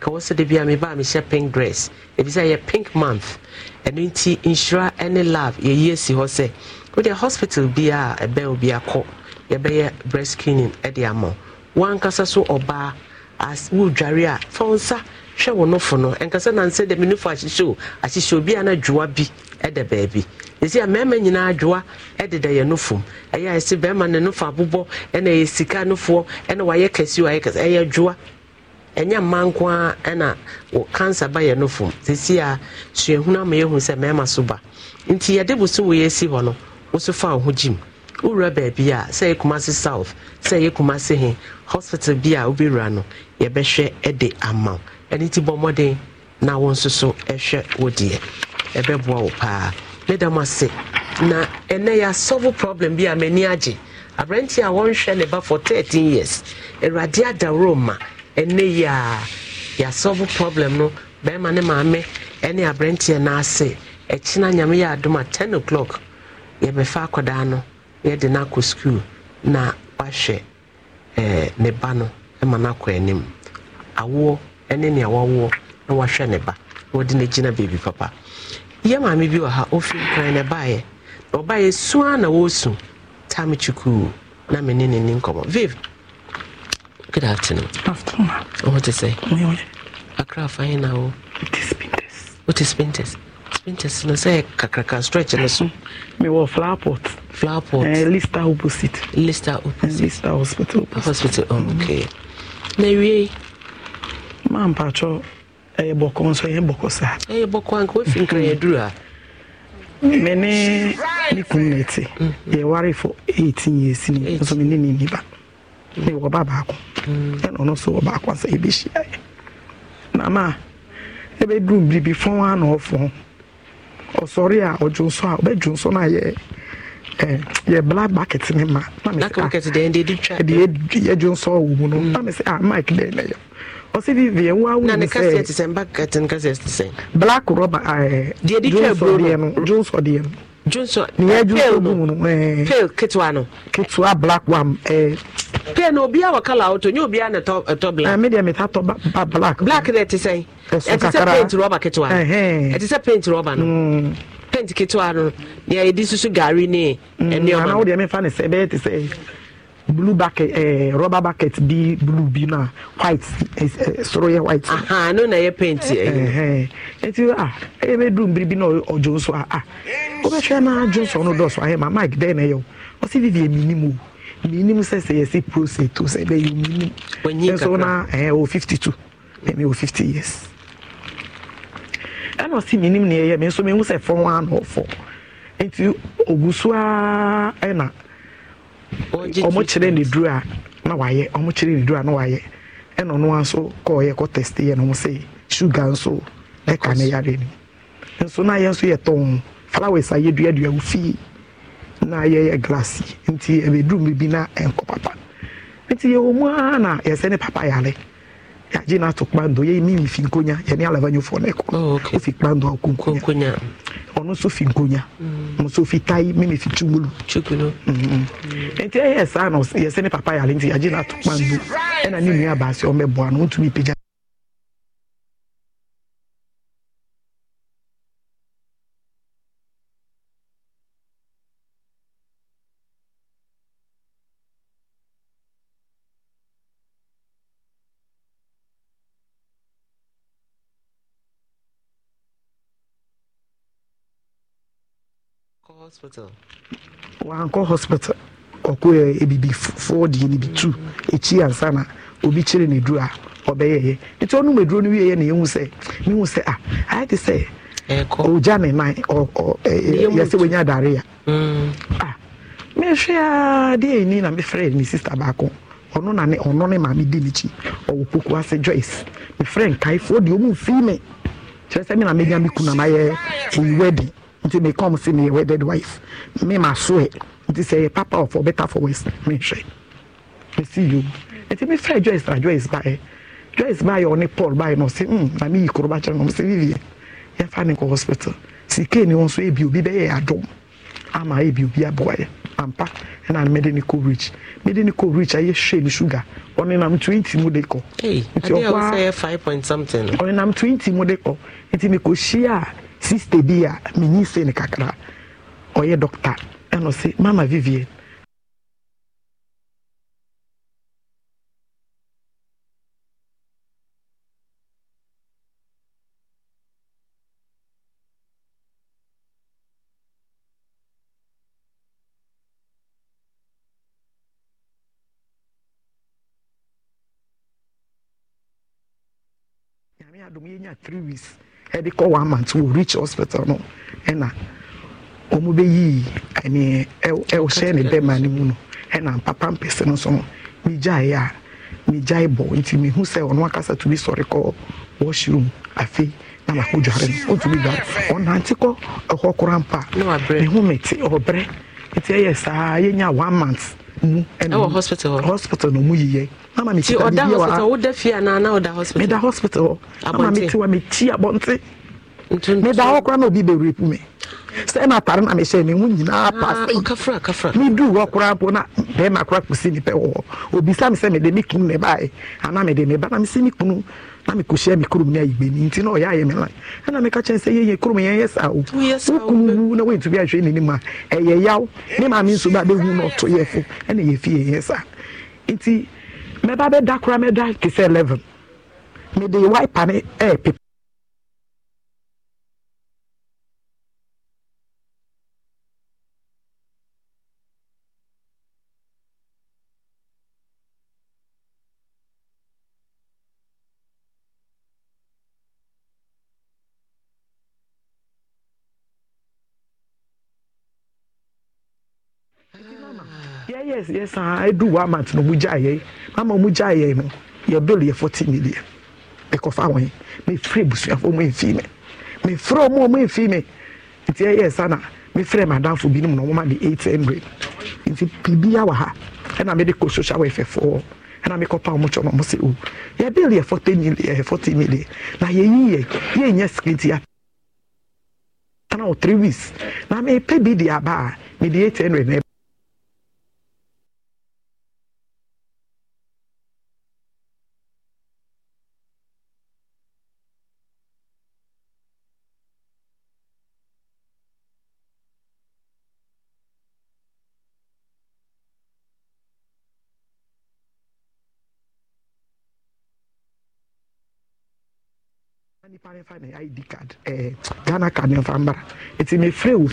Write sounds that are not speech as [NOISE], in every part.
kawo sɛ de bi a mebaa mehyɛ pink dress ebisɛ ɛyɛ pink month ɛno nti nhyira ne lab yɛyi asi hɔ sɛ wode hospital bi a ɛbɛn obi akɔ yɛbɛyɛ breast screening de ama wankasa so ɔbaa as wodware a fa wo nsa hwɛ wo nofo no ɛnkasa nansɛ dɛ me nofo ahyehyɛ o ahyehyɛ obi a na dwoa bi ɛda baabi ɛsi a mmarima nyinaa adwoa ɛdeda yɛn nofom ɛyɛ a ɛsi bɛrima ne nofo abobɔ ɛna ɛyɛ sika nofoɔ ɛna wayɛ kɛseɛ wayɛ kɛseɛ ɛyɛ dwoa ɛnyɛ mma nko a ɛna cancer ba yɛ no fom sɛsi a suahunu ama yɛhu sɛ mmarima so ba nti yɛde bo so woyɛ si hɔ no wo so fa wo ho gyim wowura baabi a sɛ yɛ kuma se south sɛ yɛ kuma se he hospital bi a wobɛwura no yɛbɛhwɛ e de ama wo ɛno nti bɔ mmɔden na wo nso so ɛhwɛ e wo deɛ ɛbɛboa e wo paa meda mo ase na ɛnɛ yɛasɔvo problem bi a m'ani agye aberanti a wɔnhwɛ ne ba for 13 years awurade adaworo ma ɛnɛ yi a yɛasɔbo problem no bɛrima ne maame ɛne aberanteɛ n'ase ase ɛkyena nyame yɛ adom a o'clock yɛbɛfa akɔdaa no yɛde no akɔ skuul na wahwɛ ɛɛ eh, ne ba no ma no akɔ anim awoɔ ne nea wawoɔ na wahwɛ ne ba na wɔde no gyina baabi papa yɛ maame bi wɔ ha ofi nkran na ɛbaeɛ na ɔbaeɛ sua na wɔresu tam kyikuu na mene ne ni nkɔmmɔ vive Good afternoon. Afternoon. Oh, what is it? My Accra fine now. It is Spinters. What is Spinters? Spinters no say kakraka stretch no so. Me wo flower pot. Flower pot. Eh, Lister opposite. Lister opposite. Eh, Lister hospital. Opposite. Hospital. Oh, mm-hmm. okay. Na eh? wie. Pacho, eh boko nso ye eh, boko sa. Eh boko anko fi nkra mm-hmm. ye duru a. Ah. Me ne ni kumete. Mm-hmm. Ye ware for 18 years ni. So me ne ni ba. de wɔba baako ɛna ɔno nso wɔba akɔ ebi ebɛhyia yɛ na eh, ma ebe biribi fɔn a mm. na ɔfɔn ɔsɔre a a ɔbɛdwo na yɛ ɛ yɛ black bucket ne ma mi a ɛdi yɛdwo nso wɔ mu no na mi sɛ a mic dɛ na yɛ ɔsi bi vi awu sɛ black rubber ɛɛ dwo nsɔ deɛ no dwo nsɔ deɛ no. johnson nìyẹn johnson bù mu no eh. pale ketewa no ketewa black one ɛɛ. Eh. pale na obi a wɔ kala awotɔ nye obi a na ɛtɔ ɛtɔ eh, black. ɛmi deɛ mi ta tɔ ba black. black de ɛti sɛ ɛti sɛ paint rɔba ketewa ɛti sɛ paint rɔba no paint ketewa no nea yɛ di susu gari ne mm, ɛnìyɔma. ɛnna awo deɛ mi fa ne sɛ ɛbɛyɛ ti sɛ. blue bucket eh, rubber bucket bi blue bi na white eh, eh soro yɛ white. aha na yɛ paint yɛ. a bɛ na ɔjo a a na ɔno ayɛ mike na yɛ o ɔsi emi ni mu ni mu sɛ sɛ to sɛ bɛ yi ni mu na ɛɛ o fifty two ɛmi o fifty years ɛna ɔsi mi ni mu ni yɛ yɛ mi nso mi n sɛ wa na ɔfɔ a ɛna. ɔmo kyerɛ ne duru a na wayɛ ɔmo kyerɛ ne duru a na wayɛ ɛna ɔno nso kɔɔyɛ kɔ test yɛ no mo sɛ sugar nso ɛka ne yare ni nso na yɛ nso yɛ tɔn flowers a yɛduadua wo fie na yɛ glass nti ɛbɛduru mi bi na ɛnkɔ papa nti yɛwɔ mu ara na yɛsɛ ne papa yare. yagye no ato kpando yɛ ne mfi nkonya yɛne alavanyofoɔ no ɛkɔ wofi kpando a wokonkonya ɔno nso fi nkonya mo nso fi tai meme fi chugulu mm-hmm. mm. nti ɛyɛ eh, eh, saa na yɛsɛ ne papa yɛ ale nti yagye no ato kpando ɛna ne nua baase ɔmmɛboa no wontumi pagya hospital wankɔ hospital ɔkɔɛ ebibi foɔ deɛ ne bi tu ekyi ansa na obi kyerɛ ne duro a ɔbɛyɛ yɛ nti ɔnum eduro no wiye yɛ na ehu sɛ mehu sɛ a ayɛ te sɛ ɔgya ne nan ɔ ɔ yɛsɛ wɔnya adare mm. a mehwɛ a deɛ ni na mefrɛ ne sista baako ɔno na ne ɔno ne maame di n'ekyi ɔwɔ poku ase joyce mefrɛ nkaefoɔ deɛ ɔmu fi me kyerɛ sɛ me na menya me kuna na yɛ oyi wedding nti me come see me wedded wife me ma so ɛ nti sɛ papa for better for worse me nhwɛ me see you nti me fɛ joyce na joyce ba yɛ joyce ba yɛ ɔne paul ba yɛ na hmm na me yi koroba kyerɛ na ɔsi vivian yɛn fa ne kɔ hospital sike ne wɔn so ebi obi bɛyɛ adum ama ebi obi aboa yɛ ampa ɛna mede ne kɔ rich mede ne kɔ rich ayɛ hwɛ ne sugar ɔnenam twenty mu de kɔ nti ɔkɔ a ɔnenam twenty mu de kɔ nti mekɔ hyia a. sister bi a menyi se ne kakra ɔyɛ doctor ɛno se mama vivien three weeks ɛde e, e, kɔ e one month will rich hospital no ɛna wɔn ne ne mu no ɛna papa mpɛsɛ no nso no a na bɔ nti mehu sɛ ɔno akasa sɔre kɔ washroom na mako dware no ɔntumi dware ɔnante kɔ ɛhɔ koraa mpa mehu mete ɔbrɛ nti ɛyɛ saa yɛnya one month mu ɛwɔ hospital hɔ hospital na ɔmu yiyɛ na maame ti ka biribi wɔ ha ɔda fie anaa na ɔda hospital meda hospital hɔ na maame ti wa me ti abɔnte meda hɔ koraa na obi bɛwura pu me sɛ ɛna atare na mehyɛ me ho nyinaa pasei ah, meduu hɔ koraa po na bɛrima koraa kɔsi nipɛ wɔ hɔ obisa me sɛ mede me kunu ne baɛ anaa mede me ba na mesɛ me kunu na mekɔhyia me kurom no ayigbani nti na ɔyɛ ayɛ me la ɛna meka kyɛn sɛ yɛyɛ kurom yɛyɛ saa o wokunu wu na wontumi ahwɛ nanim a ɛyɛ yaw ne maame nso ba bɛhu no ɔto yɛfo ɛna yɛfie yɛyɛ saa nti mɛba bɛda koraa mɛda te sɛ 11 mede wipa ne ɛɛpepa yes yes saa edu one month na ɔmo gya mama ɔmo gya no yɛ bill yɛ forty million ɛkɔfa wɔn mefiri busuafo ɔmo ọmụ mi mefiri ɔmo na mefiri madamfo na ɔmo ma de eight hundred nti ha social welfare o oh. bill million eh, million na nya ya ɛna o kwan fa ne id card ɛɛ eh, ghana card ne nfa mbara eti me fere wo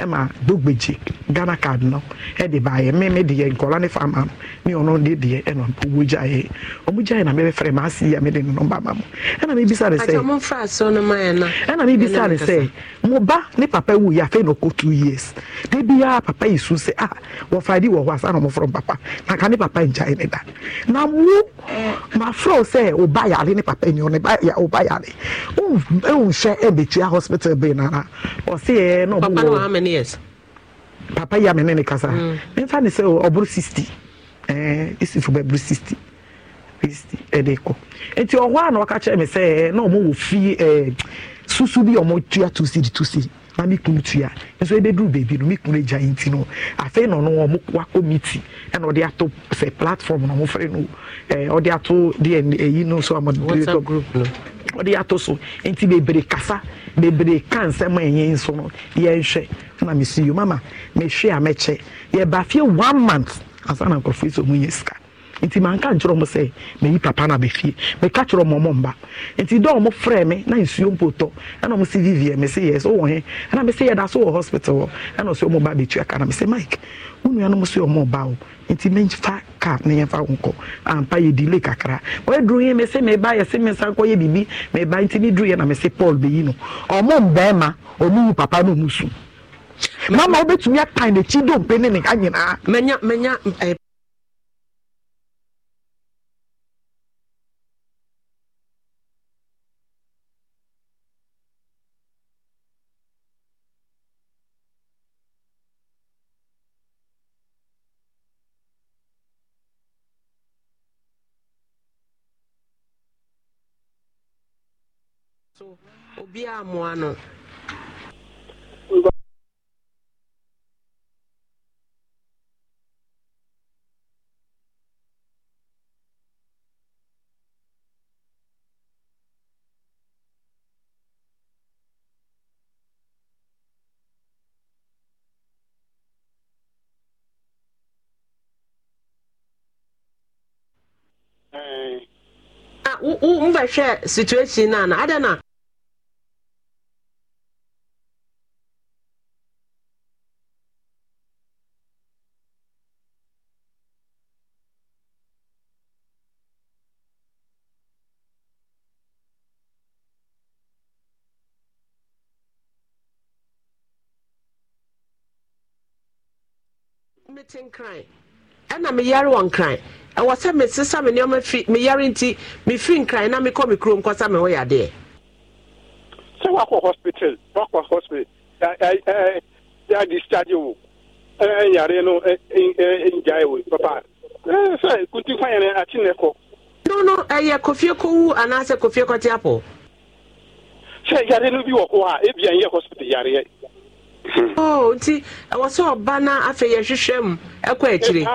ɛma dogbeji ghana card no ɛde baayɛ mmemme deɛ nkɔla ne fa ma ne ɔno ne deɛ ɛna ɔmo gya yɛ ɔmo gya yɛ na mmemme fere maa si yɛ mmemme de ne nɔmba ma mo ɛna mi bisa ne sɛ ɛna mi bisa ne sɛ mo ba ne papa wu yɛ afei na ɔkɔ two years de bia papa yi sun sɛ a ah, wɔfa adi wɔ hɔ asa na ɔmo fɔrɔ papa na ka ne papa ngya yɛ ne da na mu, ma fɔrɔ sɛ ɔba yare ne papa yi ne ɔba yare. ɛwunhyɛ ɛbɛtua hospital bɛyi nara ɔsi yɛ na ɔmo eh, wɔ papa yi amene ne kasa nfa ne sɛ ɔboro sixty ɛɛ isifo bɛboro sixty sixty eh, eh, nti ɔhɔ a na ɔka kyerɛ sɛ na ɔmo wɔ fi ɛɛ susu bi ɔmo tua tusi na mi kunu tua nso ebeduru beebi no mi kunu egya no na ɔno ɔmo wakɔ miti ɛna ɔde platform na ɔmo fɛ no ɛɛ ɔde ato group ɔde ato so nti bebree kasa bebree ka nsɛm a ɛnyɛ nso no yɛnhwɛ na mesi yo mama mehwɛ a mɛkyɛ yɛba fie one month ansa na nkurɔfoɔ yi sɛ ɔmu nyɛ sika nti manka nkyerɛ mo sɛ meyi papa no abɛfie meka kyerɛ mo ɔmo mba nti dɛ ɔmo frɛ me na nsuo mpo tɔ ɛna ɔmo se vivie me se yɛ sɛ wowɔ he ɛna me se yɛda so wɔ hospital hɔ ɛna ɔsɛ ɔmo ba bɛtua ka na me se mike wo nua no mo se ɔmo ba wo nti memfa ka ne yɛmfa wo nkɔ ampa yɛ delay kakra wɔaduru yɛ me se meba yɛ se me nsa nkɔyɛ biribi meba nti ne duru yɛ na me se paul bɛyi no ɔmo mbɛɛma ɔmo wu papa no ɔmo su mama wobɛtumi atan n'akyi dompe ne ne ka nyinaa manya manya so obiara mmoa no mbɛhwɛ eh. ah, situation na na adana te nkran ɛna meyare nkran ɛwɔ sɛ me fi meyare nti mefiri nkran na mekɔ me kurom kɔsa me ho yɛ sɛ woakɔ hospital woakɔ hospital yɛ discharge wo yare no ngyae wo papa sɛ kunti fa yɛne akye ne kɔ no no ɛyɛ kofie kɔwu anaasɛ kofie kɔte apɔ sɛ yare no bi wɔ hɔ a ebia nye hospital yareɛ [LAUGHS] oh nti ɛwɔ sɛ ɔba na afei yɛhwehwɛ mu ɛkɔ akyire [LAUGHS]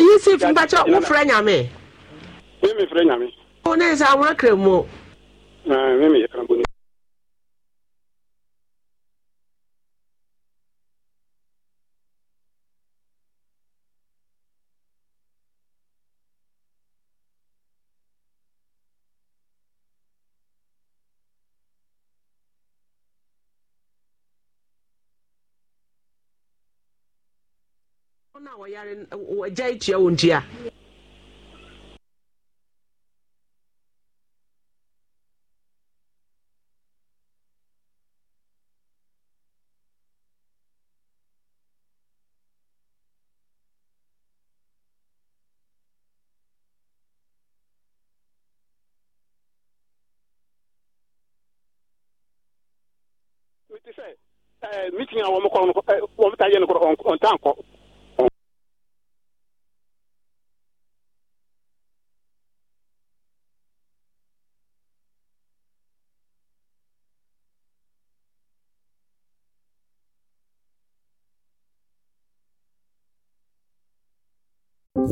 yusuf mpakyɛ wofrɛ nyame wo oh, ne sɛ awoa kra mu ah, o wɔyare wɔgya ekyia wɔn ti a. meeting a wɔn kɔ yɛ no kɔ ɔntan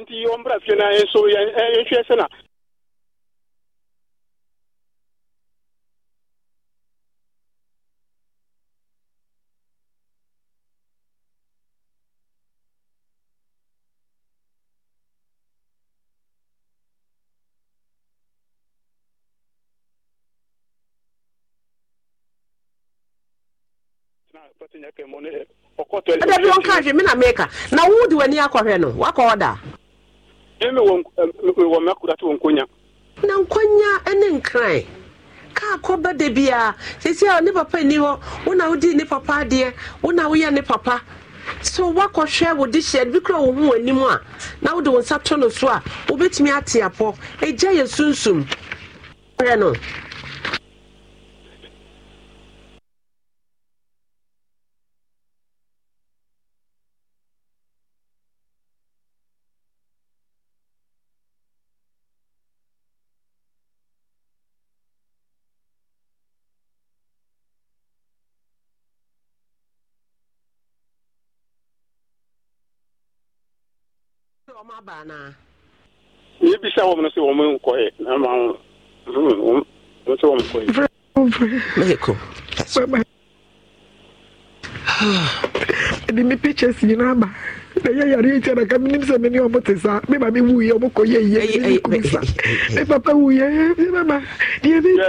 nti ɔmbra fie na nso yɛnhwɛ sɛ ɛdɛ bi kaa hwɛ mi na meka na wo de w'ani akɔhwɛ no wakɔ ɔda. ɛmi wɔ wɔ mɛ kura ti wɔ nkonya. na nkonya ne nkran kaa kɔba de bia sisi a ne papa ni hɔ wo na wodi ne papa adeɛ wo na woyɛ ne papa so wakɔhwɛ wo de hyɛ bi kura wo ho anim a na wode wo nsa to no so a wobɛtumi ate apɔ egya yɛ sunsum. aba anaa yɛbisa wɔm no sɛ wɔm nkɔɛ na ma wo sɛ wɔm kɔɛ ɛde me pictures nyinaa ba na yɛ yare ɛti anaka menim sɛ mene ɔmo te saa meba mewuiɛ ɔmokɔyɛ yie sa me papa wuiɛ mebaba deɛ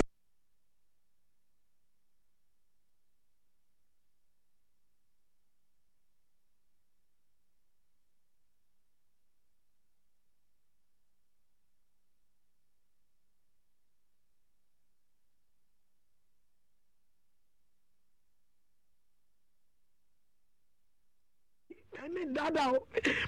mi dada o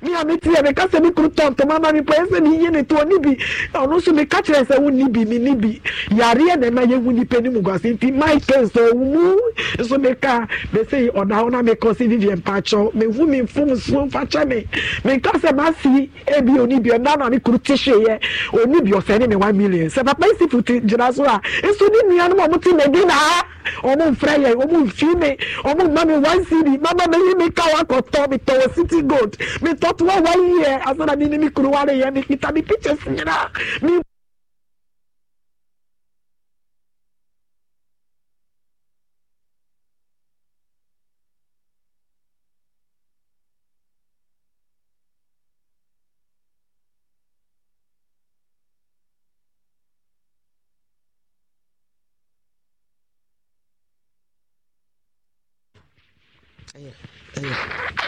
mi a mi tiɛ mi kasa mi kuru tɔn tɔn mama mi pɛ ɛsɛ mi yie ne to nibi ɔno so mi kakyɛ sɛ wo nibi mi nibi yareɛ na ɛma yɛ wu nipa ni mu guase nti my case ɔwɔ mu nso mi ka bɛsɛ yi ɔda ɔna mi kɔ si vivian patsɔ mi hu mi fum so fakyɛ mi mi kasa ma si ebi onibi ɔda na mi kuru ti se yɛ onibi ɔsɛ ne mi one million sɛ papa yi si futi gyina so a nso ni nua no ma ɔmo ti na edi na ɔmo nfrɛ yɛ ɔmo nfi mi ɔmo ma mi one cd mama mi yi mi ka wa kɔ tɔ mi tɔ wɔ si city gold metɔ to wa wɔn yɛ asana mi ni mi kuru wari yɛ mi kita mi pictures nyinaa mi.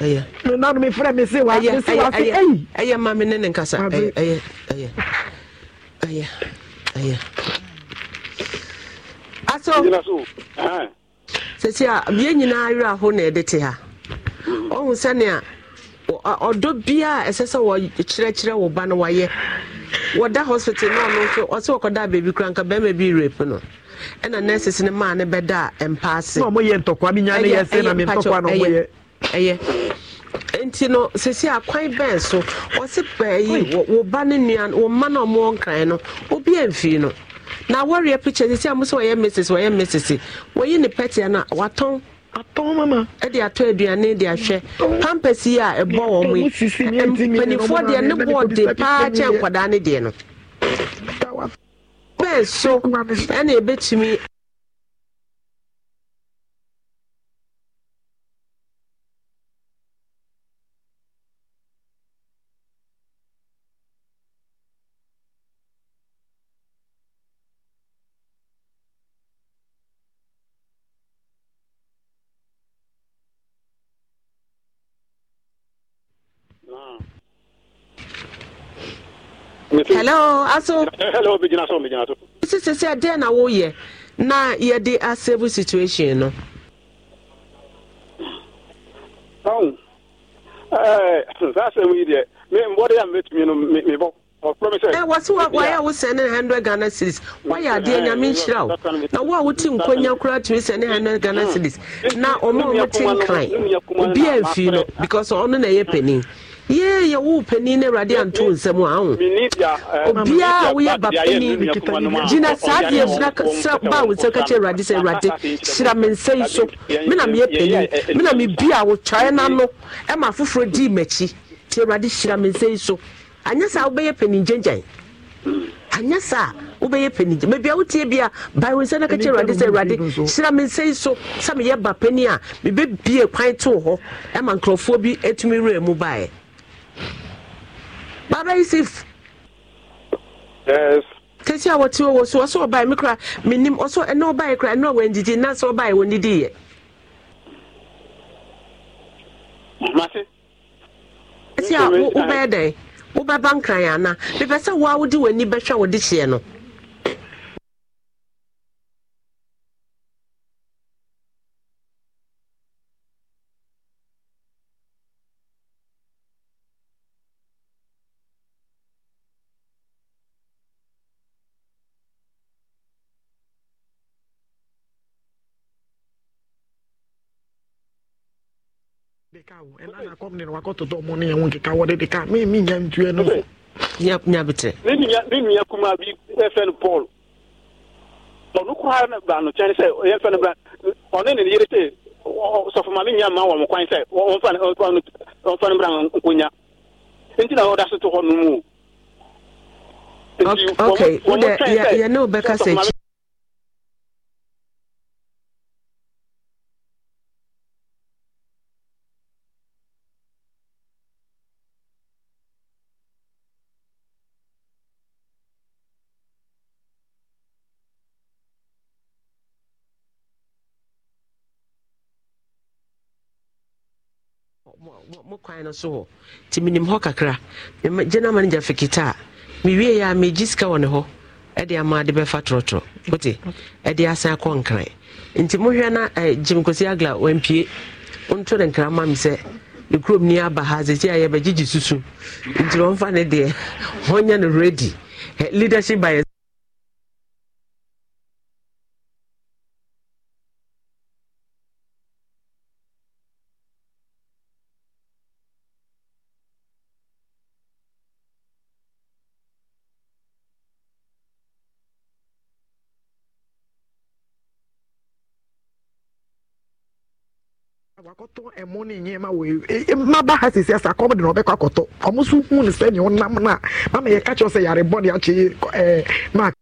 Yeah. na no mefrɛ me se wayɛ ɛyɛ ma me ne ne nkasa ɛyɛ aso sɛsi a bie nyinaa werɛ aho na ɛde te ha ɔhu sɛnea ɔdɔ biaa ɛsɛ sɛ wɔkyerɛkyerɛ wo ba no wayɛ wɔda hospital na ɔno nso ɔsɛ wɔkɔda baabi kora nka bɛrima bi rape no ɛna nurses no maa ne bɛda mpa ase na ɔmoyɛ ntɔkwa menya ne yɛ sɛ na me ntɔkwa no ɔmoyɛ ɛyɛ nti no sisi akwan bɛn so wɔsi bɛyi wɔ ba ne nua wɔ mma na ɔmo nkran no obi mfiri no na wɔreyɛ picture sisi amu sɛ wɔyɛ mrs wɔyɛ mrs wɔyi ne pɛtia na watɔn atɔn mama ɛde atɔ aduane de ahwɛ pampers yi a ɛbɔ wɔn yi mpanimfoɔ deɛ ne bɔɔl de paa kyɛn nkwadaa ne deɛ no bɛn so ɛna hello aso hello bɛgyina so bɛgyina so sisi sɛ dɛn na woyɛ na yɛde asɛbu situation no um, eh, saa asɛm yi deɛ mbɔde a mɛtumi no mebɔ wɔse wayɛ wo sɛne hundred ghana cities eh, nhyira na wo a wote nkonya koraa tumi sɛne hundred ghana hmm. cities na ɔma ɔmote nkran obi amfii no because ɔno na ɛyɛ panin yɛ yɛ wo panin na awurade anto nsɛm a ho obia a woyɛ ba panin gyina saa deɛ gyina ba wo sɛ ka kyerɛ awurade sɛ awurade hyira me nsa yi so me na meyɛ panin me na mebi a wotwae no ano ɛma afoforɔ dii m'akyi nti awurade hyira me nsa yi so anyɛ saa wobɛyɛ panin gyangyan anyɛ saa wobɛyɛ pani gye mebia wotie bia bae wo nsa no ka awurade sɛ awurade hyira me nsa yi so sɛ meyɛ ba pani a mebɛbie kwan too hɔ ɛma nkurɔfoɔ bi atumi werɛ mu baeɛ Baba Yusuf. Yes. Tesi a wɔte wɔ so ɔsɛ ɔbae me kora menim ɔsɛ ɛna ɔbae kora ɛna wɔandidi na sɛ ɔbae wɔnnidiiɛ. Mate. Tesi a wobɛyɛ dɛn wobɛba nkran ana mepɛ sɛ wo a wode w'ani bɛhwɛ wode hyeɛ ɛna nakɔm de no wakɔtotɔ mo kwan no so hɔ nti menim hɔ kakra general manager fikita a mewie a megye sika wɔ ne hɔ ɛde ama de bɛfa torɔtorɔ wote ɛde asan akɔ nkran nti mohwɛ na gyim kosi agla wampie wonto ne nkra ma me sɛ ne kurom ni aba ha sɛsi a yɛbɛgyegye susu nti wɔmfa ne deɛ wɔnyɛ no ready leadership by ne nneɛma wɔ e, e, e, mmaba ha sisi asa kɔm de na ɔbɛkɔ akɔtɔ ɔmo nso hu ne sɛ nea ɔnam na mama yɛ kakyɛw sɛ yare bɔ ne akyɛ ɛɛ mark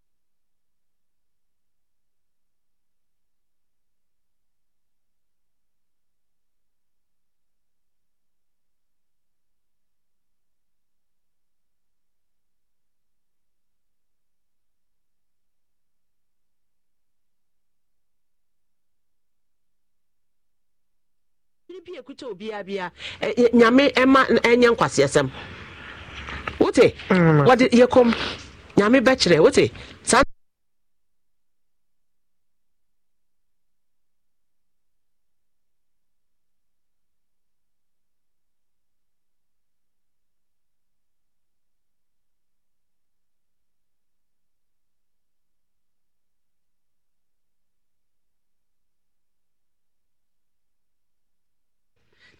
ekuta obiara bia eh, nyame ɛma ɛnyɛ nkwasiasɛm wote mm. wɔde yɛ kɔm nyame bɛkyerɛ wote saa.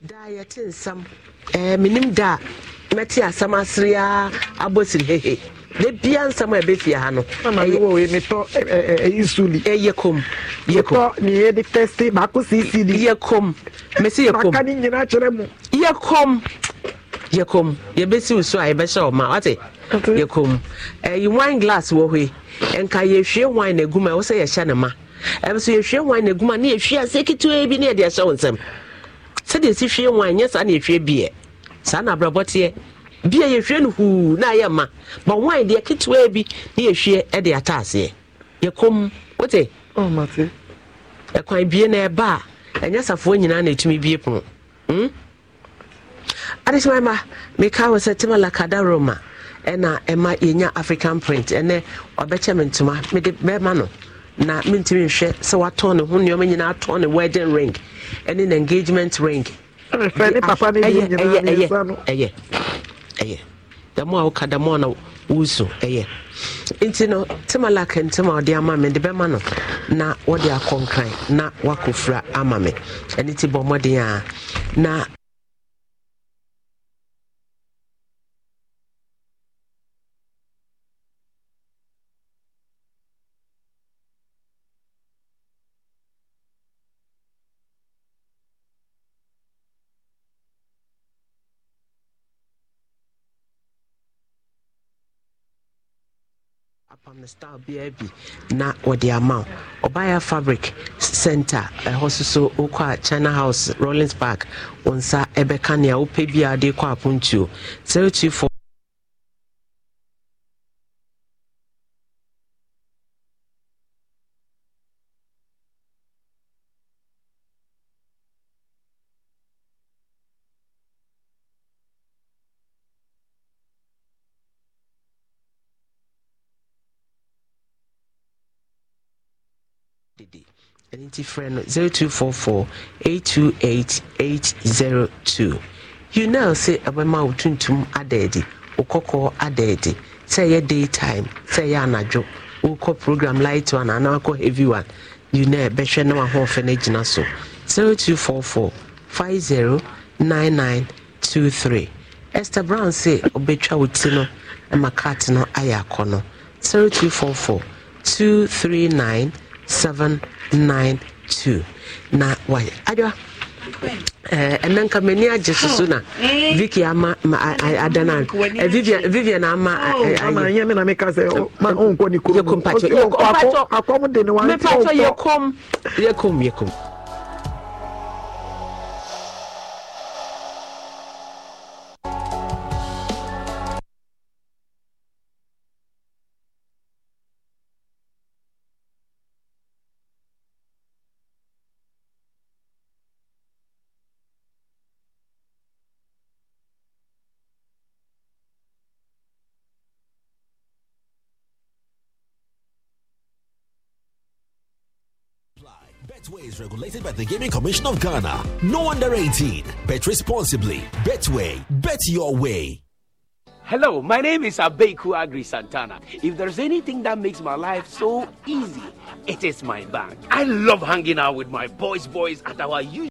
daa yɛte nsɛm ɛɛ menim da a mɛte asɛm asere a abɔ siri hehe de bia nsɛm a ɛbɛfie ha no metɔ ɛyi suli ɛyɛ kom yɛ kom metɔ ne yɛde tɛse baako cc di yɛ kom mɛsi yɛ kom maka ne nyinaa kyerɛ mu yɛ kom yɛ kom yɛbɛsi wusu a yɛbɛhyɛ ɔma wate yɛ kom ɛyi wine glass wɔ hɔ yi nka yɛhwie wine na egu mu ɛwɔ sɛ yɛhyɛ ne ma ɛbi so yɛhwie wine na egu mu a ne yɛhwie ase ketewa bi ne yɛde ɛhyɛ wɔn nsɛm. sɛdeɛ ɛsi hwie wa ɛnyɛ saa na ɛhwie biɛ saa na abrabɔ teɛ bia yɛhwie no huu na ayɛ ma ba wan deɛ ketewaa bi ne yɛhwie de ataaseɛ yɛkɔm wote oh, ɛkwan bie na ɛba a ɛnyɛ safoɔ nyinaa na ɛtumi bie pono hmm? adehyɛma ma meka wɔ sɛ tema lakada roma ɛna ɛma yɛnya african print ɛnɛ ɔbɛkyɛ me ntoma mede bɛma no na mentumi nhwɛ sɛ watɔn ne ho nneɔma nyinaa atɔn ne wedding ring ɛne ne engagement ring ɛyɛ damo a woka damo na wosu ɛyɛ nti no timalak ntima ɔde ama me de bɛma no na wɔde akɔ nkran na wakɔfira ama me ɛne ti bɔ mmɔden a na farm style biara bi na wɔde ama wo ɔbaya fabric Centre, ɛhɔ so so wokɔ a china house rollins park wo nsa ɛbɛka nea wopɛ bi a wode kɔ apontuo 024 nti frɛ no 0244 828 802 unel sɛ ɛbɛma wo tuntum adaadi wo kɔkɔɔ adaadi sɛ ɛyɛ daytime sɛ ɛyɛ anadwo wokɔ program light one anaa akɔ heavy one unel bɛhwɛ na wahoɔfɛ no agyina so 0244 509923 esther brown sɛ ɔbɛtwa wo ti no ma cart no ayɛ akɔ no 0244 239 Seven nine two wayɛ adwa ɛnɛ nka m'ani agye soso na viki ama adana vivian ama ayɛ me na meka sɛ wonkɔ ne kuromepatɔ yɛkɔm yɛkɔm yɛkɔm Betway is regulated by the Gaming Commission of Ghana. No under 18. Bet responsibly. Betway. Bet your way. Hello, my name is Abeku Agri Santana. If there's anything that makes my life so easy, it is my bank. I love hanging out with my boys, boys at our usual.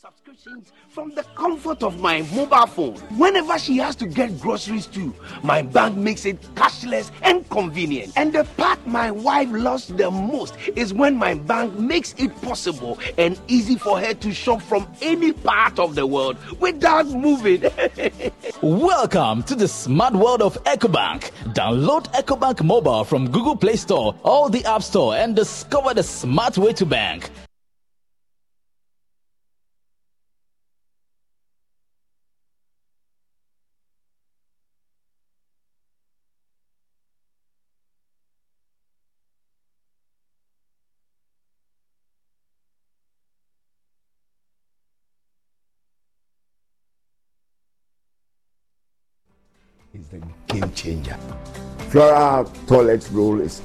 subscriptions from the comfort of my mobile phone. Whenever she has to get groceries too, my bank makes it cashless and convenient. And the part my wife loves the most is when my bank makes it possible and easy for her to shop from any part of the world without moving. [LAUGHS] Welcome to the smart world of EcoBank. Download EcoBank mobile from Google Play Store or the App Store and discover the smart way to bank. Floral toilet roll is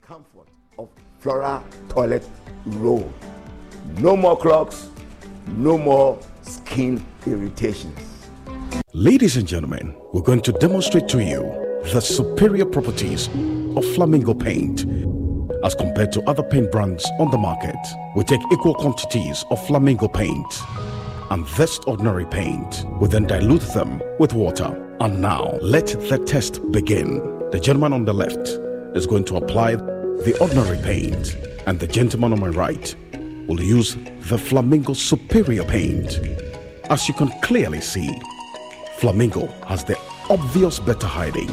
comfort of Flora toilet roll. No more clogs, no more skin irritations. Ladies and gentlemen, we're going to demonstrate to you the superior properties of flamingo paint as compared to other paint brands on the market. We take equal quantities of flamingo paint and this ordinary paint. We then dilute them with water. And now, let the test begin. The gentleman on the left is going to apply the ordinary paint, and the gentleman on my right will use the Flamingo Superior paint. As you can clearly see, Flamingo has the obvious better hiding.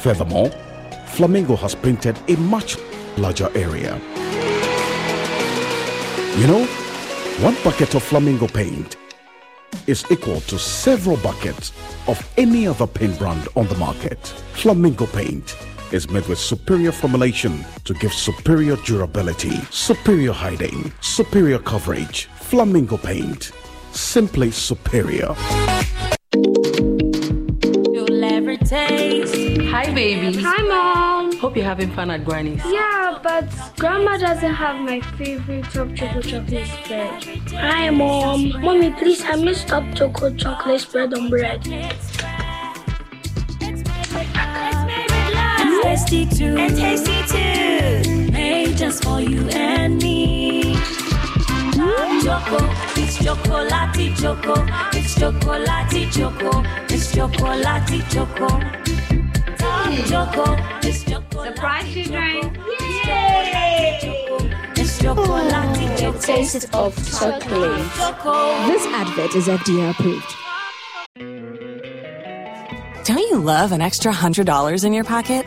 Furthermore, Flamingo has painted a much larger area. You know, one bucket of Flamingo paint is equal to several buckets of any other paint brand on the market. Flamingo paint is made with superior formulation to give superior durability, superior hiding, superior coverage. Flamingo paint, simply superior. Hi, baby. Hi, mom. Hope you're having fun at Granny's. Yeah, but grandma doesn't have my favorite top chocolate chocolate spread. Hi, mom. Mommy, please have me stop chocolate chocolate spread on bread. tasty too. And tasty too. Made just for you and me. Choco, it's chocolati choco, it's chocolati choco, it's chocolati choco. Choco, it's chocolati. Surprise children! Yay! It's chocolati The taste of chocolate. This advert is FDA approved. Don't you love an extra $100 in your pocket?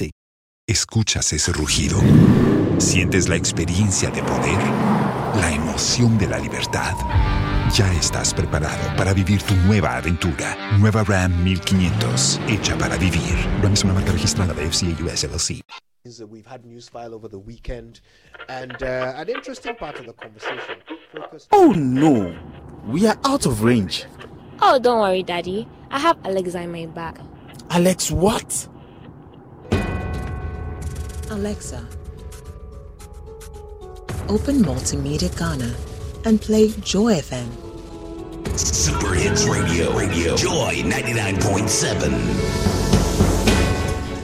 Escuchas ese rugido. Sientes la experiencia de poder, la emoción de la libertad. Ya estás preparado para vivir tu nueva aventura. Nueva Ram 1500, hecha para vivir. Ram es una marca registrada de FCA US LLC. Oh no, we are out of range. Oh, don't worry, Daddy. I have Alexa in my bag. Alex, what? Alexa. Open Multimedia Ghana and play Joy FM. Super Hits Radio, Radio Joy 99.7.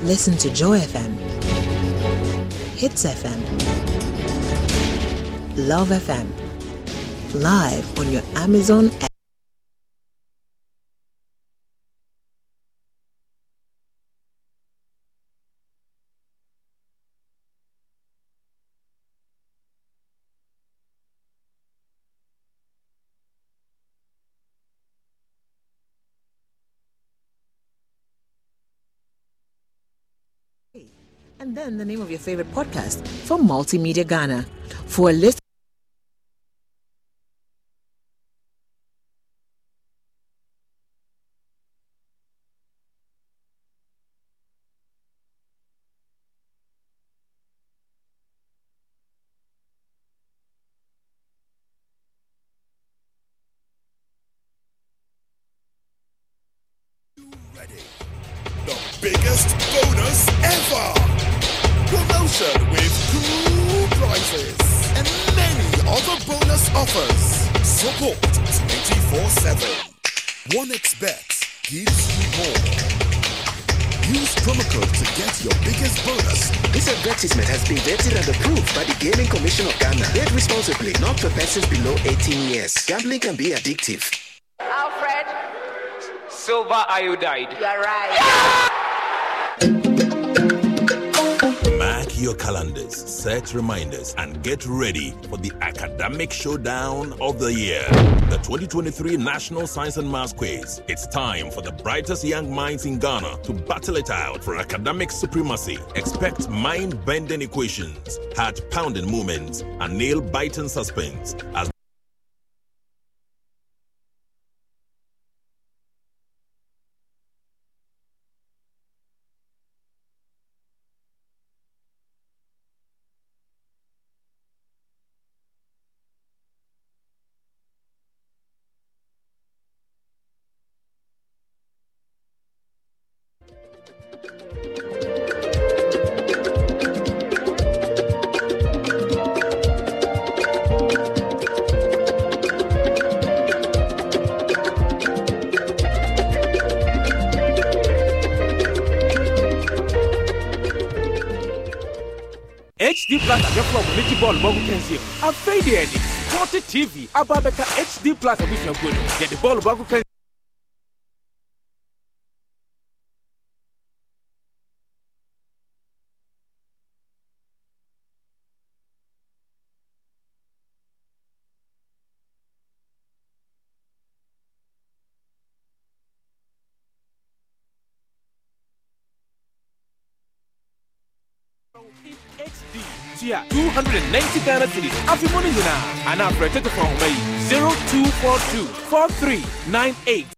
Listen to Joy FM, Hits FM, Love FM, live on your Amazon then the name of your favorite podcast from Multimedia Ghana. For a list your calendars, set reminders, and get ready for the academic showdown of the year the 2023 National Science and Maths Quiz. It's time for the brightest young minds in Ghana to battle it out for academic supremacy. Expect mind bending equations, heart pounding moments, and nail biting suspense as TV, Ababeka HD Plus edition goal. Get the ball back and I've rented the phone 0242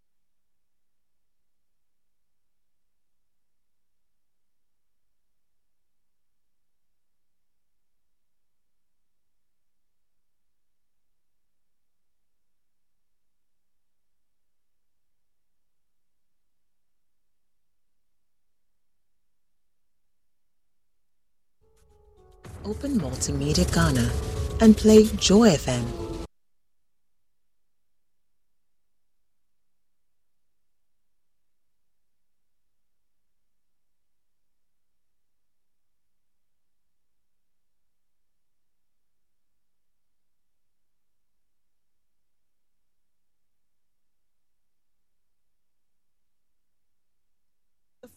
Open Multimedia Ghana and play Joy FM.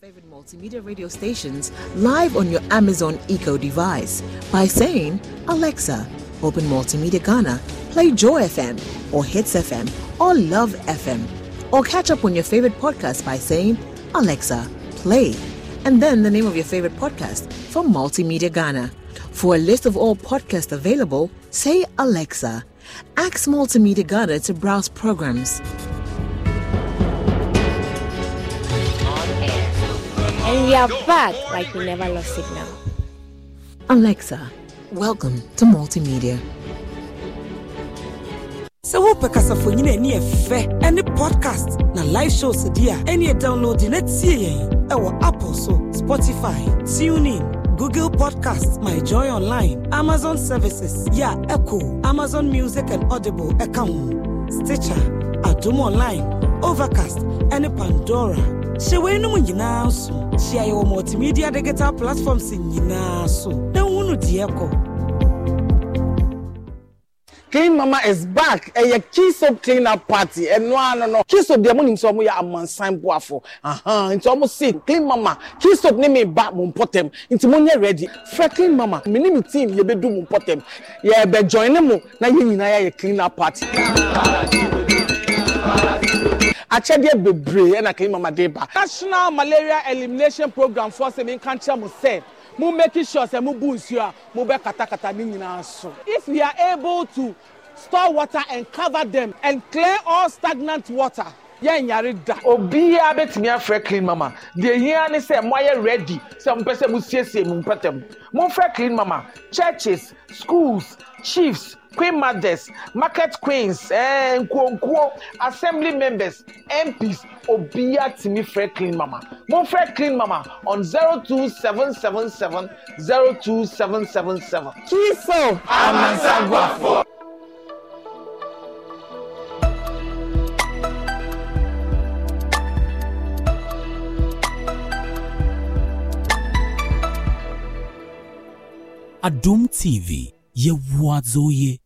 favorite multimedia radio stations live on your Amazon Echo device by saying, Alexa, Open Multimedia Ghana, play Joy FM or Hits FM or Love FM, or catch up on your favorite podcast by saying, Alexa, play, and then the name of your favorite podcast from Multimedia Ghana. For a list of all podcasts available, say Alexa. Ask Multimedia Ghana to browse programs. And we are back like we never lost signal. Alexa, Welcome to Multimedia. sɛ wopɛ kasafonyin a ani yɛ fɛ podcast na live shows deɛ a ɛne yɛ download na tie yɛn ɛwɔ apple so spotify tunein Google Podcasts, My Joy Online, Amazon Services, Yeah, Echo, Amazon Music and Audible, Ekamu, Stitcher, Adum Online, Overcast, and Pandora hyɛ weinom nyinaa so hyia yɛwɔ multimedia digital platforms nyinaa so na hu no deɛ kɔ Clean Mama is back. Ɛyɛ Kiso cleaner party. Ɛno ano no. Kiso deɛ mo nim sɛ ɔmo yɛ amansan boafo. Nti ɔmo si Clean Mama. Kiso ne mi ba mo mpɔtɛm. Nti mo nyɛ ready. Fɛ Clean Mama. me ni mi team yɛ bɛ du mo mpɔtɛm. Yɛ bɛ join ne mo na yɛ nyinaa yɛ cleaner party akyɛdeɛ bebree ɛna kɛyi mama de ba. national malaria elimination program fɔ sɛ mi nka nkyɛn mo sɛ mo making sure sɛ mo bu nsuo a mo bɛ katakata ne nyinaa so. if we are able to store water and cover them and clear all stagnant water yẹn yàrá da. obiara bẹtumi afrẹ clean mama deɛ hia ni sɛ mo ayɛ ready sɛ mo pɛ sɛ mo siesie mo mpɛtɛ clean mama churches schools chiefs queen mothers market queens eh, nkuonkuo assembly members mps obia tìmí fẹ́ clean mama mo fẹ́ clean mama on zero two seven seven seven zero two seven seven seven. kí so. amansagbafo. Adum TV, ye wadzo ye.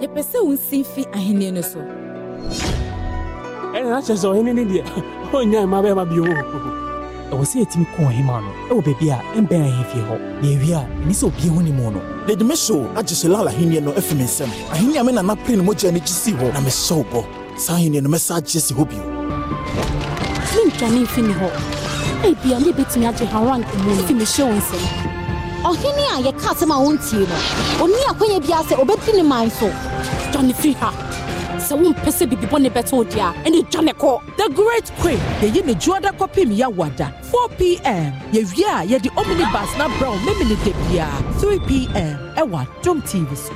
yɛpɛ sɛ wo nsi mfi ahenni no so ɛna kyerɛ sɛ ɔhene no deɛ [LAUGHS] ɔnnya mma bɛma bio ɛwɔ sɛ yɛtumi kɔ ɔhema no ɛwɔ baabi a ɛmbɛn ahemfie hɔ na ɛwie a ɛni sɛ obia ho ne mu no dede me hyew agye hyɛ lal ahenniɛ no afi me nsɛm ahenni a me nana pere ne mogya no gye sii hɔ na mehyɛ wo bɔ saa ahenniɛ no mɛsa agye si hɔ bio mentwane mfi ne hɔ ebia ne ɛbɛtumi agye hawankamu fi mehyɛ wo nsɛm ɔhene a yɛka asɛm a wontie no ɔni akwanya biara sɛ ɔbɛdi ne man so dwane firi ha sɛ wompɛ sɛ bibibɔne bɛtɔ wo deɛ a ɛne dwane kɔ the great queen yɛyi ne juada kɔpem yɛawada 4pm yɛwie a yɛde omnibus na brown wo memene da biara 3pm ɛwɔ adom tv so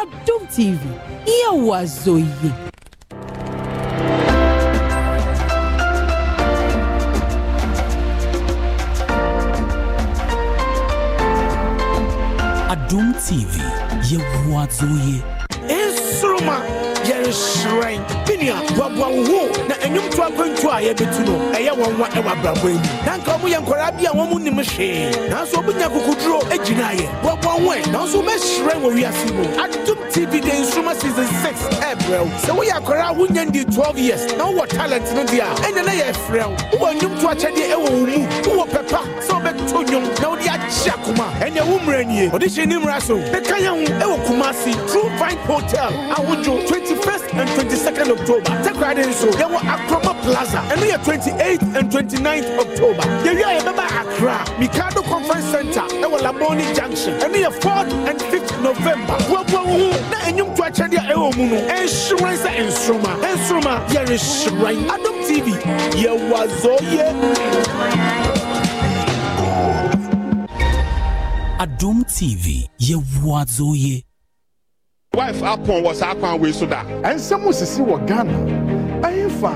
adom tv yɛwɔ azɔ yie TV yɛwoa dzo ye nsoroma yɛrehyerɛn pinea wɔboa wo ho na ɛnwomto akwantu a yɛbɛtu no ɛyɛ wɔn wa ɛwɔ abrabɔ mu na nka ɔmo yɛ nkwaraa bi a wɔn mu nim hwee nanso ɔbɛnya kukuduro agyinaeɛ wɔboa ho ɛ nanso wobɛhyerɛn wɔ wiase mu adom tv de nsoroma season 6 ɛbrɛ wo sɛ woyɛ akwaraa a wonya ndi 12 years Now what talent no deɛ a ɛnɛ na yɛfrɛ wo wowɔ nnwomto akyɛdeɛ ɛwɔ wo mu wowɔ pɛpa sɛ wobɛto nnwom Akuma, akoma ɛnea wo mmerɛ nie ɔde hyɛ ne mmara so bɛka yɛ ho kumasi true Fine hotel awodwo 21st and 22nd october takorade nso yɛwɔ akroma plaza ɛno yɛ 28 and 29th october yɛwie a yɛbɛba accra mikado conference center ɛwɔ laboni junction ɛno yɛ 4th and 5th november boaboa wo ho na ɛnwom to akyɛdeɛ a ɛwɔ mu no ɛnhyerɛn sɛ nsoroma ɛnsoroma yɛrehyerɛn adom tv yɛwɔ azɔyɛ Adum TV, ye Wife Akon was Akon with suda. And some was see what Ghana. I fa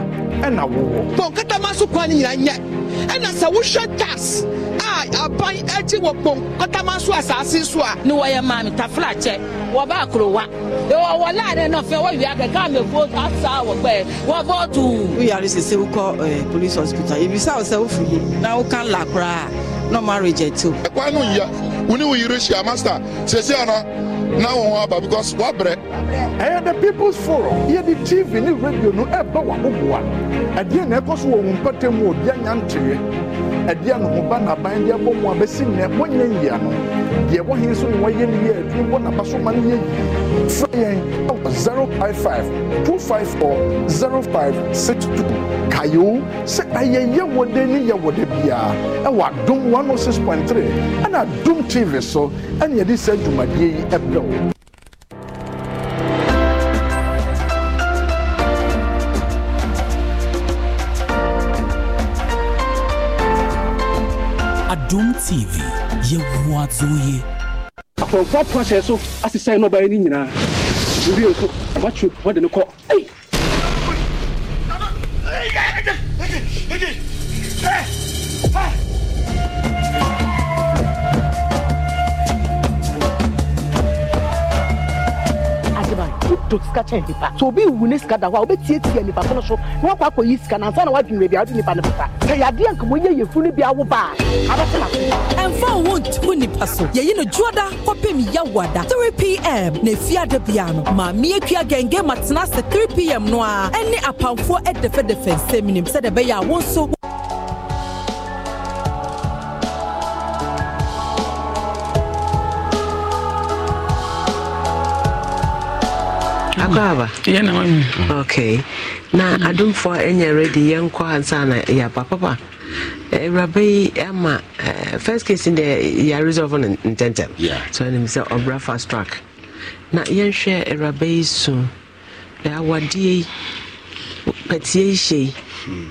and a war. For Katamasu Kwani and yet. And as a wusha tas. I abai eti wapon. Katamasu assassin swa. No, I am mammy taflache. Eh? Wabakruwa. Oh, wa. and wala your way. I can come and vote as our way. What about We are this is a eh, police hospital. If you saw yourself, now can lacra. No marriage eh, too. wone wo yere hyia master sesie ana na wo ho aba because wabrɛ ɛyɛ the people's forum yɛde tv ne radio no ɛba w'ahoboa ɛdeɛ na ɛkɔ so wɔ wo mpata mu obia nya nteeɛ ɛde anohoba n'aban de abɔ mu a bɛsi nnɛ wɔnyɛ yia no deɛ wɔhe nso ne wɔyɛ no yɛ aduru bɔ n'aba so ma no yɛ yie fra yɛn ɛwɔ 055 254 0562 kayo sɛ ɛyɛ yɛwɔde ne yɛwɔde biara ɛwɔ adom 106.3 ɛna adom tv so ɛne yɛde sɛ dwumadie yi ɛbrɛ tv yɛwoa dzoye akɔmfo apo ahyɛ so asesɛe no ɔbaeɛ no nyinaa bibio so matwe wɔde no kɔ Hey! do sika kyɛn nipa so obi wu ne sika da hɔ a obetietie nipa fɛnɛ so na wakɔ akɔyi sika na nsa na wadun a wode nipa ne pepa sɛ yadeɛ yɛ yɛ funu bi awo baa abɛtena so. ɛnfa owó ntu nipa so yɛyi no juoda kɔpem yawada three pm na efi ade bia no maame ekua gɛngɛn matena ase three pm no a ɛne apanfoɔ ɛdɛfɛdɛfɛ nsɛm nim sɛdeɛ ɛbɛyɛ a wɔn nso. akɔ mm. aba na mm. mm. adomfoɔ ɛnyɛ ready yɛnkɔ ansa na yɛaba papa awuraba eh, yi ama eh, eh, first case in deɛ yɛaresolve no ntɛntɛm so anim sɛ ɔbra fast track na yɛnhwɛ awuraba yi so awadeɛ yi patie yi hyɛ hmm.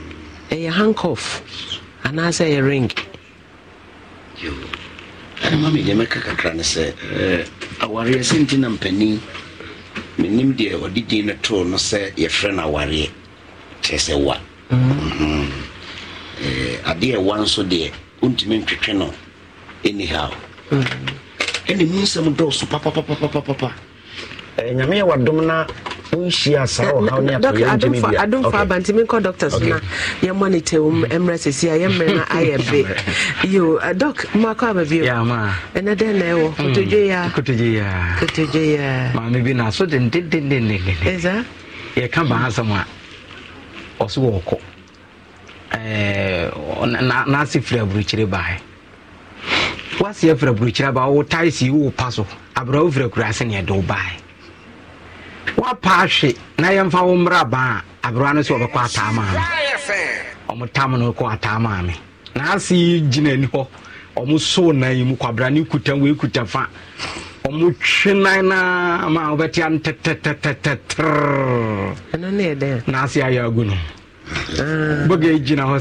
yi ɛyɛ handcuff anaasɛ ɛyɛ ring ɛma megyamɛka kakra ne sɛ awareɛ sɛ na mpanin menim deɛ ɔde din no too no sɛ yɛfrɛ no awareɛ kyerɛ sɛ wa mm-hmm. eh, adeɛ ɛwa nso deɛ wontumi ntwetwe no anyhow ɛne mu nsɛm dɔɔso papapapapapa nyame yɛ wadom na wonhyia saa ɔhaw ne atoyɛ ngyeme bia adomfo aba nti menkɔ doctors no mmerɛ sɛsi a yɛmmerɛ no ayɛ be yo uh, doc aba bio ɛnɛ dɛn na ɛwɔ yɛka baa a ɔso wɔɔkɔ firi aburokyire baeɛ waseɛ firi aburokyire baa wo tae wo pa so wo firi akuraase wo woapa ahwe na yɛmfa wo mmra a aberewa no sɛ wɔbɛkɔ ataa maa me ɔmo no kɔ ataa maa na ase gyina ani hɔ ɔmo so nan yi mu kwabra ne kuta wei kuta fa ɔmo twe nan na ma wobɛte a no na ayɛ agu no ah. gyina hɔ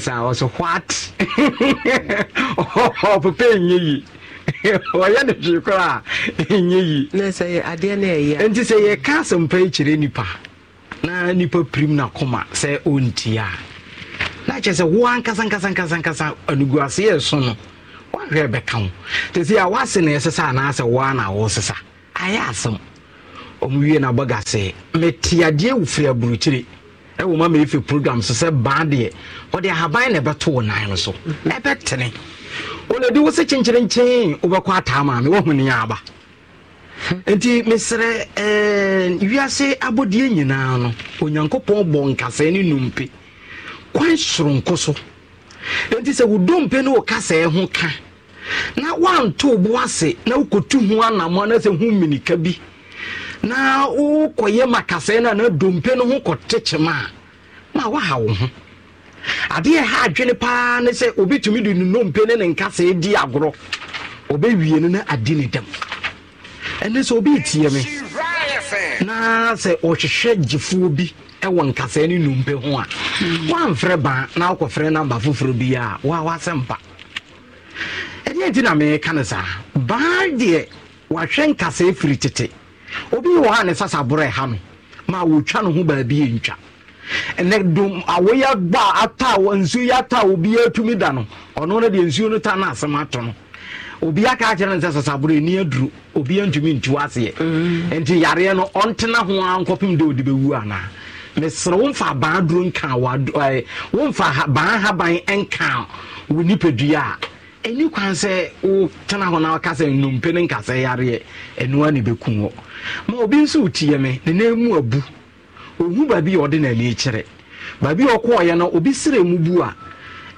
[LAUGHS] [LAUGHS] ɔyɛ ne hwee kora a ɛnyɛ yi nti sɛ yɛka asɛmpa kyerɛ nipa na nipa pirim na koma sɛ ɔnti na kyerɛ sɛ wo ankasankasankasankasa anuguase so no woahwɛ bɛka wo nti sɛ a na ɛsesa anaasɛ woa na wosesa ayɛ asɛm ɔmwie no sɛ mete adeɛ wo firi aburukyire ɛwɔ ma program so sɛ baa deɛ ahaban na ɛbɛto wo nan no so ɛbɛtene ɔna de wo se kyenkyerenkyeen wobɛkɔ ataa maame me woahu ne aba nti mesrɛ eh, wiase abɔdeɛ nyinaa no onyankopɔn bɔ nkasɛɛ ne numpe kwan soronko so nti sɛ wo dompe ne wo kasɛɛ ho ka na woanto bo ase na wokɔtu ho anamo anasɛ hu minika bi na wokɔyɛ ma kasɛɛ no ana dompe no ho kɔtekyema a ma waha wo ho adeɛ ha adwene paa ne sɛ obi tumi de nnompe ne ne nkasa di agorɔ ɔbɛwie no na adi ne dɛm ɛne sɛ obi tie me na sɛ ɔhwehwɛ gyefoɔ bi ɛwɔ nkasa ne nnompe ho a woamfrɛ baa na wokɔfrɛ namba foforɔ bi a woa woasɛ mpa ɛdeɛ nti na meka no saa baa deɛ wahwɛ nkasa firi tete obi wɔ ha ne sasaborɔ ɛha no ma wɔtwa no ho baabi yɛ ntwa ɛnɛ dum awo yɛ gba ata awo nsuo yɛ ata awo bi atumi da no ɔno na deɛ nsuo no ta na asɛm ato no obi aka akyerɛ no sɛ sasaboro ani aduru obi ntumi ntu aseɛ mm. nti yareɛ no ɔntena ho a nkɔpem dɛ ɔde bɛwu anaa mesrɛ womfa baa duro nka womfa baa haban nka wo nipadua a ɛni kwan sɛ wotena hɔ na woka sɛ nnompe no nkasɛ yareɛ ɛnoa ne bɛku wɔ ma obi nso wotiɛ me ne na mu abu ohu baabi a ɔde n'ani kyerɛ baabi a ɔkɔɔyɛ no obi sere mu bu a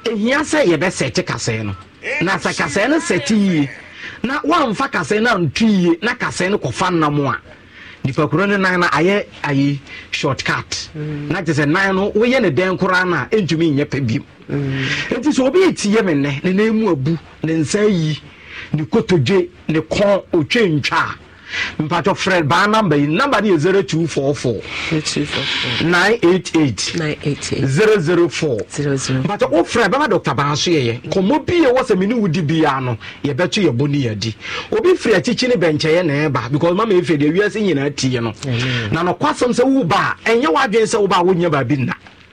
ehia sɛ yɛbɛsɛte kasɛɛ no na sɛ kasɛɛ no sɛte yie na wɔamfa kasɛɛ no antu yie na kasɛɛ no kɔfa nam a nipakuro no nan mm. na ayɛ ayi short cut na kyɛ sɛ nan no woyɛ ne dɛn koraa no a ɛntumi nyɛ pɛ biom ɛnti mm. sɛ obi ɛtie me nnɛ ne nan mu abu ne nsa yi ne kotodwe ne kɔn otwe ntwa a mpatwɔ frɛ baa namba yi namba no yɛ 0244 988 004 mpatwɔ wofrɛ bɛma dɔkta baa so yɛyɛ kɔmmɔ bi yɛ wɔ sɛ mene wodi biaa no yɛbɛto yɛbɔ yɛ di obi firi akyikyi ne yɛ na ɛba because mama ɛfiri deɛ wiase nyinaa ti tie no na nɔkwasɛm sɛ woba a ɛnyɛ w'adwene sɛ woba a wonnya baabi na.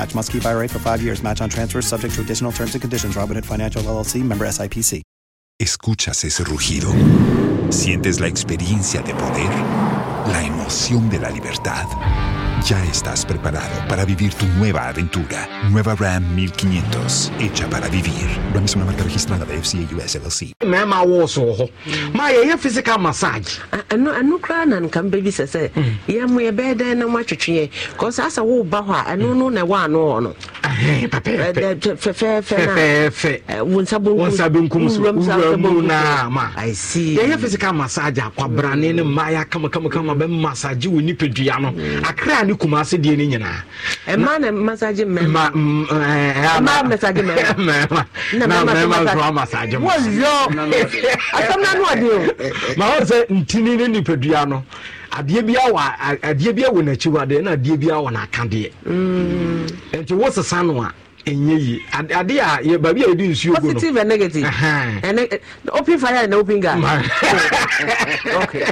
match. Must keep IRA for five years. Match on transfers subject to additional terms and conditions. Robinhood Financial LLC. Member SIPC. Escuchas ese rugido. Sientes la experiencia de poder, la emoción de la libertad. Ya estás preparado para vivir tu nueva aventura. Nueva Ram 1500, hecha para vivir. Ram es una marca registrada de FCA US LLC. Mema woso ho. Ma ye ya physical massage. Ano ano kra na nkan baby sese. Mm. Ya mo ye bede na mo atwetwe. Cause asa wo ba ano no na wa ano no. Eh pape. Fe fe fe na. Fe fe. Wonsa un Wonsa bonkum so. Wonsa na ma. I see. Ya ya physical massage brane ne ma ya kama kama kama be massage wo nipadua no. Mm. Akra ne kumase deɛ no nyinaa ɛma na masage mmarima mm, eh, eh, masage mmarima [LAUGHS] mmarima nso amasage mmarima asɛm na no ɔde o ma hɔ sɛ ntini ne nipadua no adeɛ bi awɔ adeɛ bi awɔ n'akyiwadeɛ na adeɛ bi awɔ n'akadeɛ mm. nti wosesa no a ɛnyɛ yi ade a yɛ baabi a yɛde nsuo gu no positive and negative ɛnɛ eh, open fire and open gas [LAUGHS] okay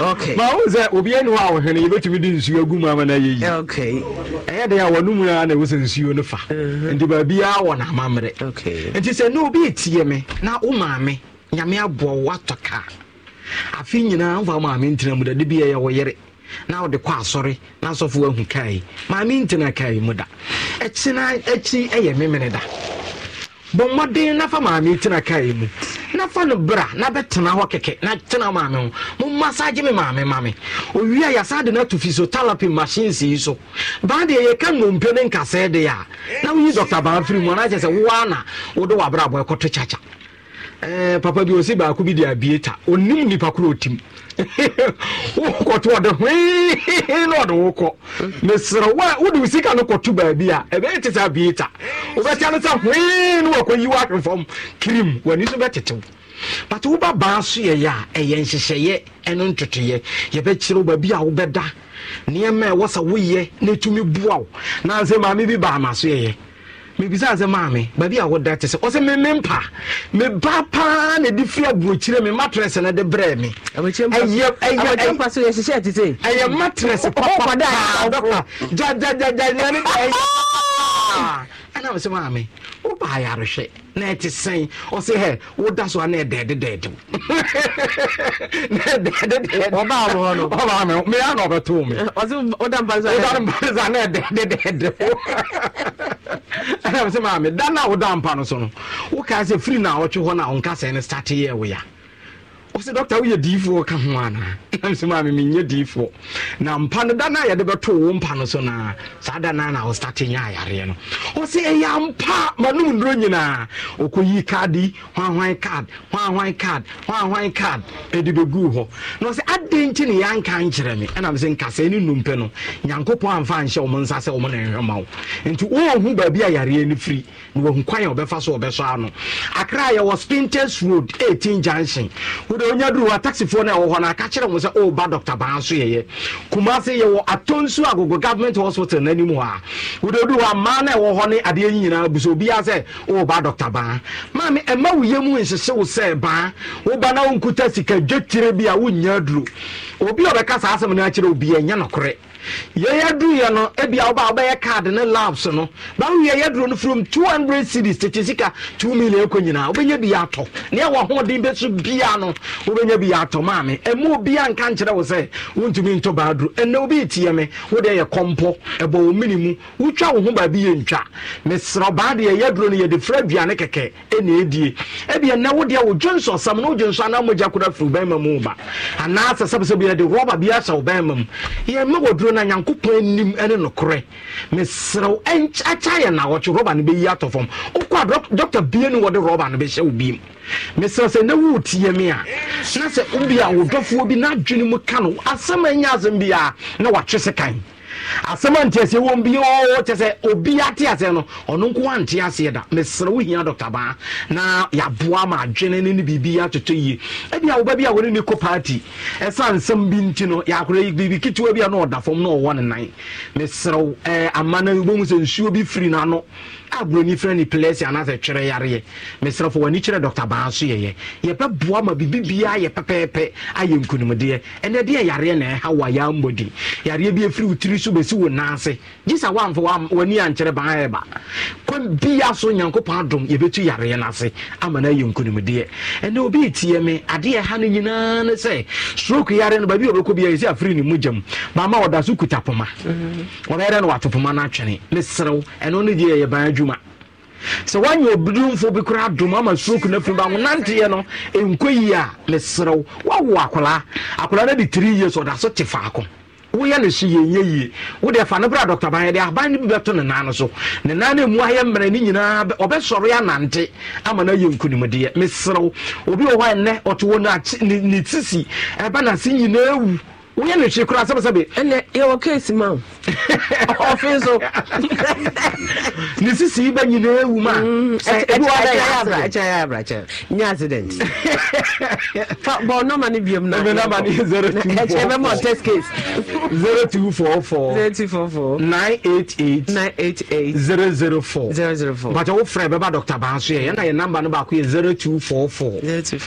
okay maa o sɛ obi ɛni hɔ a ɔhɛn yɛbɛtumi de nsuo gu mu ama na yɛ yi okay ɛyɛ de a wɔn mu ara na ɛwɔ sɛ nsuo no fa uh-huh. nti baabi a wɔ na ama mmerɛ okay nti sɛ na obi etie mi na o maame nyame aboɔ watɔ kaa afi nyinaa nfa maame ntina mu dɛ bi yɛ wɔ yɛre na wɔde kɔ asɔre na asɔfo ahu kae maame ntena kae mu da akyi na akyi yɛ memene da bɔ mmɔden nafa maame tena kae mu nafa no bra na bɛtena hɔ kɛkɛ na tena maame ho momma saa gye me maame ma me owia yɛsaa de no ato fi so talapi machines yi so baa deɛ yɛka nnompe ne nkasɛɛ deɛ a na woyi dɔkta baa firi mu anakyɛ sɛ woa na wode wabrabɔ ɛkɔto kyakya Eh, papa bi ɔsi baako bi di abie ta onim nipa koro otim [LAUGHS] wokɔto ɔde hwee na ɔde wokɔ mesrɛ wo a wode sika no kɔto baabi a ɛbɛyɛ te sɛ abie ta wobɛtia no sɛ hwee na wakɔyi woakemfam kirim w'ani so bɛtetew but woba baa so yɛyɛ a ɛyɛ nhyehyɛeɛ ɛno ntotoyɛ yɛbɛkyerɛ wo baabi a wobɛda nneɛma ɛwɔ sɛ woyɛ na ɛtumi boa wo nansɛ maame bi baa ma so yɛyɛ mebisa sɛ maame baabi a woda kyɛ sɛ ɔsɛ meme mpa meba paa na de firi aburokyire me matress no de brɛɛ me ɛyɛ matress papaa gyagyagyagyagyane ɛna mesɛ maame woba ayarehwɛ na ɛte sɛn ɔsɛ hɛ woda so a na ɛdɛɛdedɛɛdew [LAUGHS] na ɛdɛɛdedɛdebamehɔ no meɛ na ɔbɛtoo me woda mpa sa na ɛdɛɛdedɛdew [LAUGHS] ɛna sɛ maame da no a woda mpa no so no wokaa sɛ firi no a wɔtwe hɔ no a wo nkasɛe no state yɛ wo ya ɔsɛ dɔkta woyɛ diifoɔ ka ho anaa [LAUGHS] nam sɛ maa memenyɛ diifoɔ na mpa no da no a yɛde bɛtoo wo mpa no so na, saa da no na wostate nyɛ ayareɛ no ɔsɛ ɛyɛ mpa manom nnuro nyinaa ɔkɔyi card yi hwanhwan card hwanhwan card hwanhwan card ɛde bɛguu hɔ na ɔsɛ adɛn nti ne yɛanka nkyerɛ me ɛnam sɛ nkasɛe ne nnompɛ no nyankopɔn amfa anhyɛ wo mo nsa sɛ wo mo ne nhwɛ wo nti wɔnhu baabi a no firi wɔhu kwan a wɔbɛfa so wɔbɛsɔ ano akra a yɛwɔ spinters road 18 junction wode onya duru wɔ taxifoɔ no a ɛwɔ hɔ no aka kyerɛ mo sɛ ɔreba oh, dr baa so yɛyɛ kuma se yɛwɔ atonsu agogo government hospital no anim hɔ a wode odu hɔ a mmaa no ɛwɔ hɔ ne adeɛ yi nyinaa bu sɛ obiaa oh, sɛ ɔreba dr baa maame ɛma wo yɛ mu nhyehye wo sɛ baa woba na wonkuta sika dwetire bi a wonnya aduro obi a ɔbɛka saa asɛm no akyerɛ obiaa ɛnyɛ nokorɛ yɛyɛ duruiɛ no ebi a ɔba ɔbɛyɛ ya ne labs no nọ yɛ yɛ duro no from two hundred series tètè sika two million kɔ nyinaa ɔbɛnya bi atɔ ne ɛwɔ ahoɔden bɛ so bia no ɔbɛnya bi atɔ maame ɛmu obia nka nkyerɛ wo sɛ ntɔ baa duro ɛnna obi etia mi baa no fura aduane kɛkɛ ɛna edie ebi ɛnna anamogya kura bio na nyankopɔn anim ne nokorɛ meserew akyɛ yɛ nawɔtwe rɔba no bɛyi atɔ fam wokɔ a dɔkta bie no wɔde rɔba no bɛhyɛ wo biem meserɛ sɛ na woretie me a na sɛ wobia wo bi na adwene mu ka no asɛm anya asɛm biaa na watwe se kan asɛm ante aseɛ wɔ bi kyɛ sɛ obi ate aseɛ no ɔno nko ante aseɛ da mesrɛ wo hia dɔkta baa na yɛaboa ma adwene ne ne biribi atotɔ yie ɛbi a woba bi a wɔne ne kɔ party ɛsa nsɛm bi nti no yɛakora biribi ketewa bi a na ɔda fam na ɔwɔ ne nan mesrɛ eh, ama no wobɛhu sɛ nsuo bi firi n'ano aburoni frɛ ne plɛsi anaasɛ twerɛ yareɛ mesrɛfo w'ani kyerɛ dɔkta baa so yɛyɛ yɛbɛboa ma bibi biaa yɛ pɛpɛɛpɛ ayɛ nkonimdeɛ ɛnɛ deɛ yareɛ na ɛha wa yɛambɔdi yareɛ bi ɛfiri wo tiri so bɛsi wo nan ase gye sɛ woamfa w'ani ankyerɛ baa ɛba kwan bia so nyankopɔn adom yɛbɛtu yareɛ no ase ama no ayɛ nkonimdeɛ ɛnɛ obi ɛtie me adeɛ ɛha no nyinaa ne sɛ stroke yare no baabi wɔbɛkɔ biaa ɛsɛ afiri ne mogya mu baama wɔda so kuta poma wɔbɛyɛdɛ no wato poma no atwene meserew ɛno no deɛ yɛban adwuma sɛ woanyɛ obidumfo bi koraa adom ama stroke no afiri ba wonanteɛ no ɛnkɔ yie a meserew woawo akwalaa akwalaa no de 3 years ɔda so te faako woyɛ no so yɛnyɛ yie wodeɛ fa no berɛ a dɔkta ban yɛde aban no bi bɛto ne nan no so ne nan no ɛmu ayɛ mmerɛ no nyinaa ɔbɛsɔre anante ama no ayɛ nkonimdeɛ meserew obi wɔ hɔ ɛnnɛ ɔte wɔ ne sisi ɛba nase nyinaa wu woyɛ no hyi koraa sɛbsɛbe ɛnɛ yɛwɔ case [LAUGHS] [LAUGHS] ma mm, ɔfe so [LAUGHS] ne sisii bɛ nyinaa wu ma ɛbiwadaɛabrakyɛ nyɛ accident bɔ nɔma no biam nɔma no yɛ bɛma test case 0244 bàtɛ wo fɛrɛ bɛba dɔkta baa so yɛ yɛna yɛ namba no baako yɛ 0244 08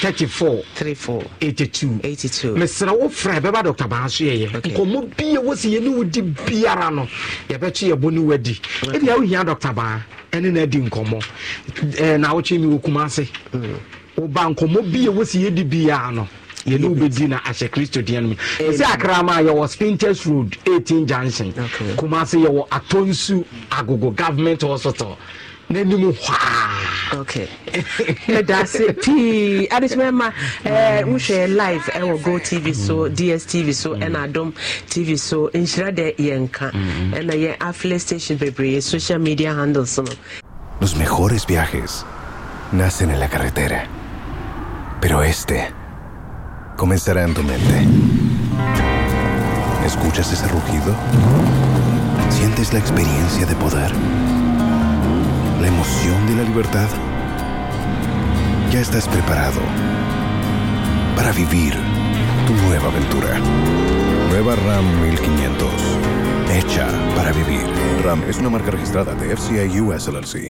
34 34 82 82 mesrɛ wo frɛ bɛba dr baa yɛyɛ nkɔmmɔ bia wɔ sɛ yɛne wodi biara no yɛbɛkye yɛbɔ ne wadi ɛdeɛ wohia dr baa ɛne no adi nkɔmmɔ na wokye mi wɔ ase mm. woba nkɔmmɔ bia wɔ sɛ yɛdi biara no yɛne wobɛdi na ahyɛ kristo deɛ no mu ɛsɛ akrama a yɛwɔ spinters road 18 junction kuma ase yɛwɔ atonsu agogo government hospital okay hwaamedase [LAUGHS] pii adesoma ma wohwɛ live ɛwɔ go tv so mm-hmm. dstv so ɛna mm-hmm. adom tv so nhyira dɛ yɛnka ɛna mm-hmm. yɛ afle station bebree social media handles no Los mejores viajes nacen en la carretera, pero este comenzará en tu mente. ¿Escuchas ese rugido? ¿Sientes la experiencia de poder? la emoción de la libertad? Ya estás preparado para vivir tu nueva aventura. Nueva RAM 1500. Hecha para vivir. RAM es una marca registrada de FCI US LLC.